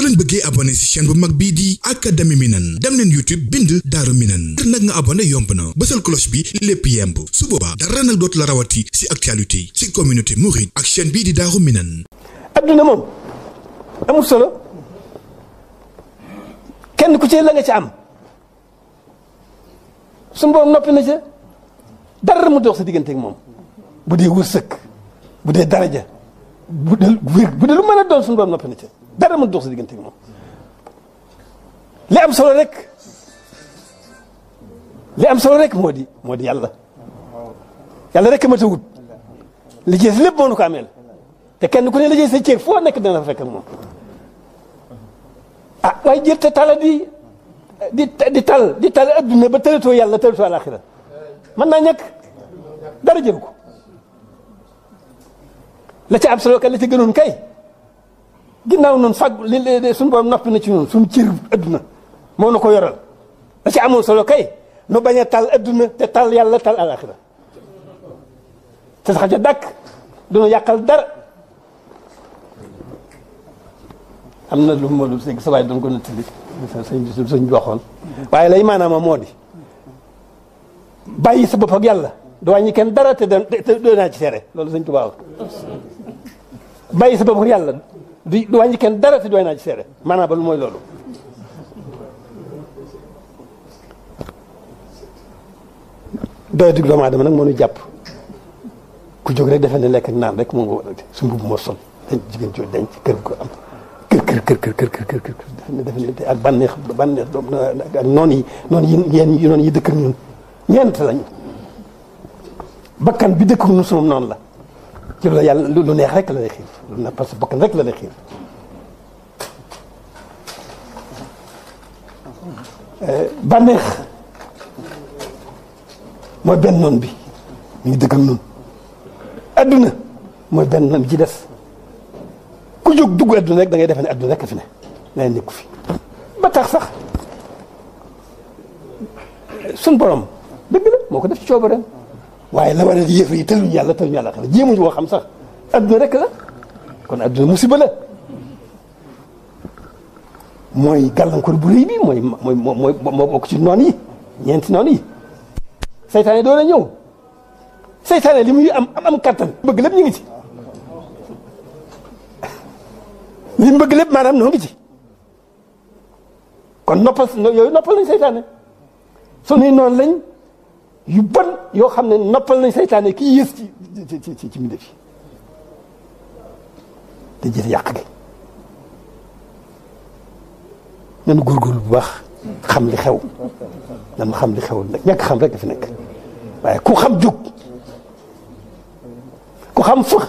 soo bëggee abonné ci bu mag bii di académie Minane dem leen YouTube bind Daaru Minane ngir nag nga abonné yomb na bësal cloche lépp yemb su boobaa dara nag dootu la rawati ci actualité ci communauté mouride ak chaîne bii di Daaru Minane adduna moom amul solo kenn ku ci la nga ci am suñu boroom noppi na ca dara mu dox sa digganteeg moom bu dee wërsëg bu dee daraja bu dee bu dee lu mën a doon suñu borom noppi na ci dara mën dox si diggante bi moom li am solo rek li am solo rek moo di moo di yàlla yàlla rek mat a wut li ci lépp moo nu ko ameel te kenn ku ne la jël sa ceeb foo nekk dana fa fekk moom a ah, waaye jër te tala di di di tal di tal adduna ba tëlatoo yàlla tëlatoo àlaxira mën naa ñàkk dara jëru ko la ci am solo kay la ca gënoon kay ginnaaw noonu fàgg li li suñu borom noppi na ci ñun suñu cër adduna moo na ko yoral la ci amoon solo kay nu bañ a tal adduna te tal yàlla tal alaxira te sax ca dàkk duñu yàqal dar am na lu ma dul sëgg sa waay doon ko nettali sëñ bi sëñ bi waxoon waaye lay maanaama moo di bàyyi sa bopp yàlla du wàññi kenn dara te doy naa ci seere loolu sëñ Tuubaa bàyyi sa bopp yàlla du wàññi kenn dara te naa ci seere maanaam ba lu mooy loolu doy dig doomu aadama nag moo ñu jàpp ku jóg rek defe ne lekk naan rek moo nga war a su mbubb moo sol dañ jigéen jooju dañ ci kër ko am kër kër kër kër kër kër kër defe ne ak bànneex bànneex ak noon yi noon yi yeen noon yi dëkk ñun ñeent lañu bakkan bi dëkkum nu sunum noon la ci loolu yàlla lu neex rek la lay xiir parce que bakkan rek euh, mooy benn noon bi mu ngi nun adduna mooy benn noon bi ci des ku jóg dugg adduna rek dangay ngay defe ne adduna rek fi ne ngay nekku fi ba sax sun borom dëgg la moo ko def ci coobareem waaye la war a yëf yi tëluñu yàlla tëluñu yàlla xel jéemuñu koo xam sax adduna rek la kon adduna musiba la mooy gàllankoor bu rëy bi mooy mooy mooy moo bokk ci noon yi ñeenti noon yi. seytaane doo na ñëw seytaane li muy am am kattan bëgg lépp ñu ngi ci li mu bëgg lépp maanaam noo ngi ci kon noppal yooyu noppal nañ seytaane sunuy noon lañ. yu yoo xam ne noppal nañ seytaane ki yées ci ci ci ci mbindéef yi te jëf yàq gi nan góorgóorlu bu baax xam li xew nan xam li xewul nag ñàkk xam rek dafa nekk waaye ku xam jóg ku xam fëx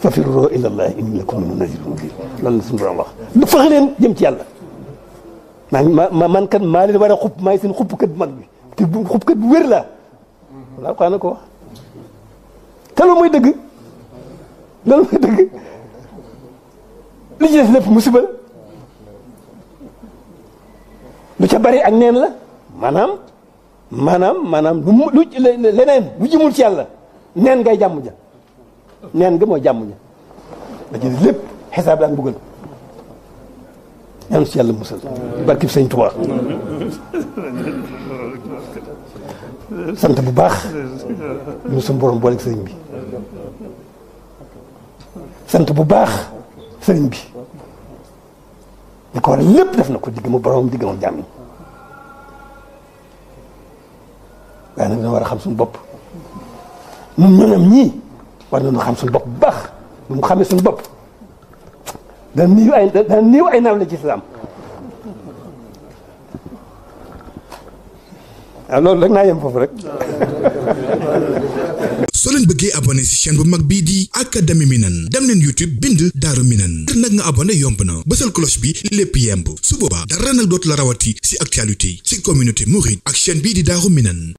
fa firroo ila allah inni lakum minhu nadirun mubin lan la suñu borom lu fëx leen jëm ci yàlla maa ma man kat maa war a xupp maay seen xuppkat bu mag bi te bu xuppkat bu wér laa laa ko wax te loolu mooy dëgg loolu mooy dëgg li ci lépp musiba lu ca bari ak neen la maanaam maanaam maanaam lu lu leneen lu jëmul ci yàlla neen ngay jàmm ja neen nga mooy jàmm ja da ci lépp xisaab la ak mbugal yaa ngi si yàlla musal barkib sëñ Tuubaa sant bu baax ñu suñu borom booleeg sëriñ bi sant bu baax sëriñ bi li ko war lépp def na ko digg mu borom digg moom jàmm waaye nag dina war a xam suñu bopp ñun ñooñam ñii war nañu xam suñu bu baax bu mu xamee suñu bopp dana néew ay dana ay naam la ci islam ah loolu rek yem foofu rek. soo leen bëggee abonné ci chaîne bu mag bii di Académie Minane dem leen YouTube bind Daaru Minane ngir nag nga abonné yomb na bësal cloche bi lépp yemb su boobaa dara nag dootu la rawati ci actualité ci communauté mouride ak chaîne bii di Daaru Minane